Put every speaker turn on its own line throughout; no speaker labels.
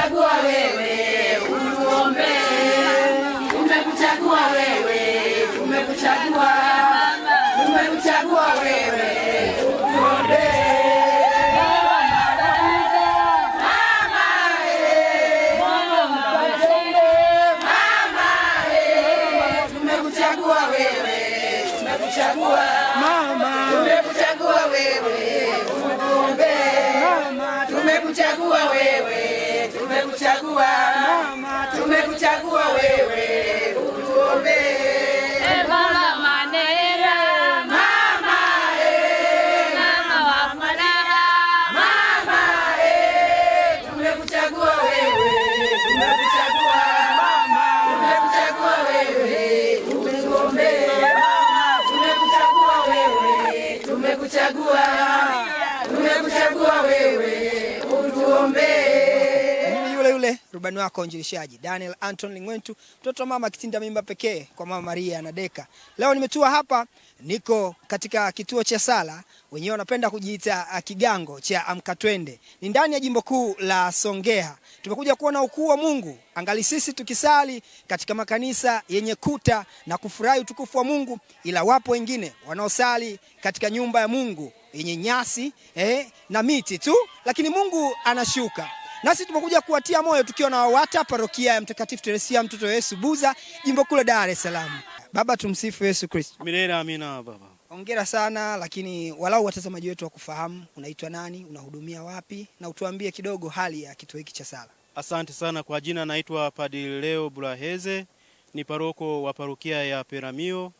Umekuchagua wewe uombe, umekuchagua wewe, umekuchagua, wewe tumekuchagua wewe Tumekuchagua, tumekuchagua wewe utuombee
Rubani wako uinjilishaji Daniel Anton Lingwentu, mtoto mama kitinda mimba pekee kwa mama Maria na Deka. Leo nimetua hapa, niko katika kituo cha sala, wenyewe wanapenda kujiita ah, kigango cha Amkatwende, ni ndani ya jimbo kuu la Songea. Tumekuja kuona ukuu wa Mungu, angali sisi tukisali katika makanisa yenye kuta na kufurahi utukufu wa Mungu, ila wapo wengine wanaosali katika nyumba ya Mungu yenye nyasi eh, na miti tu, lakini Mungu anashuka Nasi tumekuja kuwatia moyo tukiwa na WAWATA parokia ya Mtakatifu Teresia mtoto Yesu Buza, jimbo kule Dar es Salaam. Baba, tumsifu Yesu Kristo.
Milele amina. Baba,
hongera sana, lakini walau watazamaji wetu wakufahamu, unaitwa nani, unahudumia wapi, na utuambie kidogo hali ya kituo hiki cha sala.
Asante sana kwa jina, naitwa Padri Leo Bulaheze, ni paroko wa parokia ya Peramio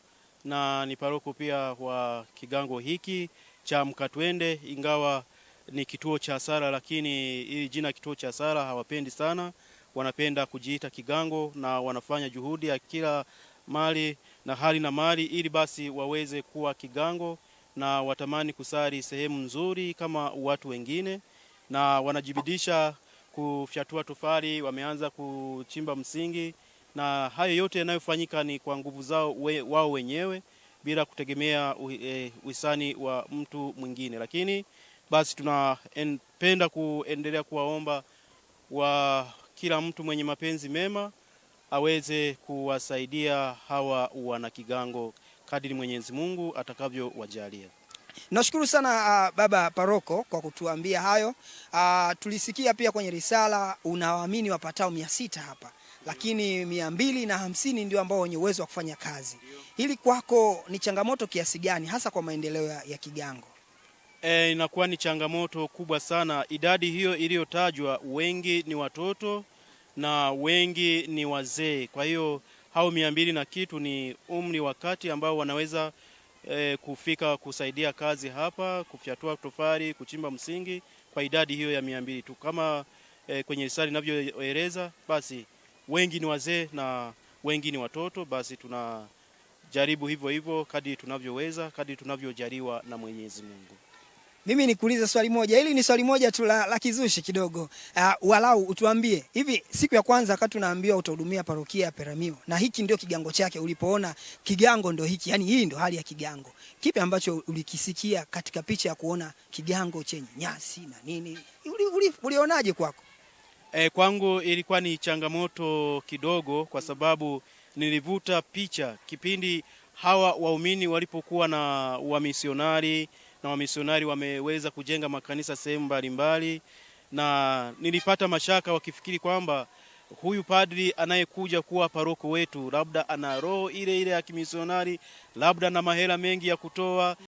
na ni paroko pia wa kigango hiki cha Mkatwende, ingawa ni kituo cha sala, lakini hili jina kituo cha sala hawapendi sana, wanapenda kujiita kigango, na wanafanya juhudi ya kila mali na hali na mali ili basi waweze kuwa kigango na watamani kusali sehemu nzuri kama watu wengine, na wanajibidisha kufyatua tofali, wameanza kuchimba msingi, na hayo yote yanayofanyika ni kwa nguvu zao we, wao wenyewe bila kutegemea uhisani eh, wa mtu mwingine, lakini basi tunapenda kuendelea kuwaomba wa kila mtu mwenye mapenzi mema aweze kuwasaidia hawa wana Kigango kadiri Mwenyezi Mungu atakavyowajalia.
Nashukuru sana uh, baba paroko kwa kutuambia hayo. Uh, tulisikia pia kwenye risala unawaamini wapatao mia sita hapa, lakini mia mbili na hamsini ndio ambao wenye uwezo wa kufanya kazi. Hili kwako ni changamoto kiasi gani, hasa kwa maendeleo ya Kigango?
e, inakuwa ni changamoto kubwa sana. Idadi hiyo iliyotajwa, wengi ni watoto na wengi ni wazee. Kwa hiyo hao mia mbili na kitu ni umri wa kati ambao wanaweza e, kufika kusaidia kazi hapa, kufyatua tofali, kuchimba msingi kwa idadi hiyo ya mia mbili tu kama e, kwenye risali inavyoeleza, basi wengi ni wazee na wengi ni watoto. Basi tunajaribu hivyo hivyo kadri tunavyoweza, kadri tunavyojaliwa na Mwenyezi Mungu.
Mimi nikuulize swali moja, hili ni swali moja tu la, la kizushi kidogo. Uh, walau utuambie hivi, siku ya kwanza wakati unaambiwa utahudumia parokia ya Peramiho na hiki ndio kigango chake, ulipoona kigango ndio hiki, yani hii ndio hali ya kigango, kipi ambacho ulikisikia katika picha ya kuona kigango chenye nyasi na nini, ulionaje uli, kwako?
Eh, kwangu ilikuwa ni changamoto kidogo, kwa sababu nilivuta picha kipindi hawa waumini walipokuwa na wamisionari na wamisionari wameweza kujenga makanisa sehemu mbalimbali, na nilipata mashaka wakifikiri kwamba huyu padri anayekuja kuwa paroko wetu labda ana roho ile ile ya kimisionari, labda na mahela mengi ya kutoa.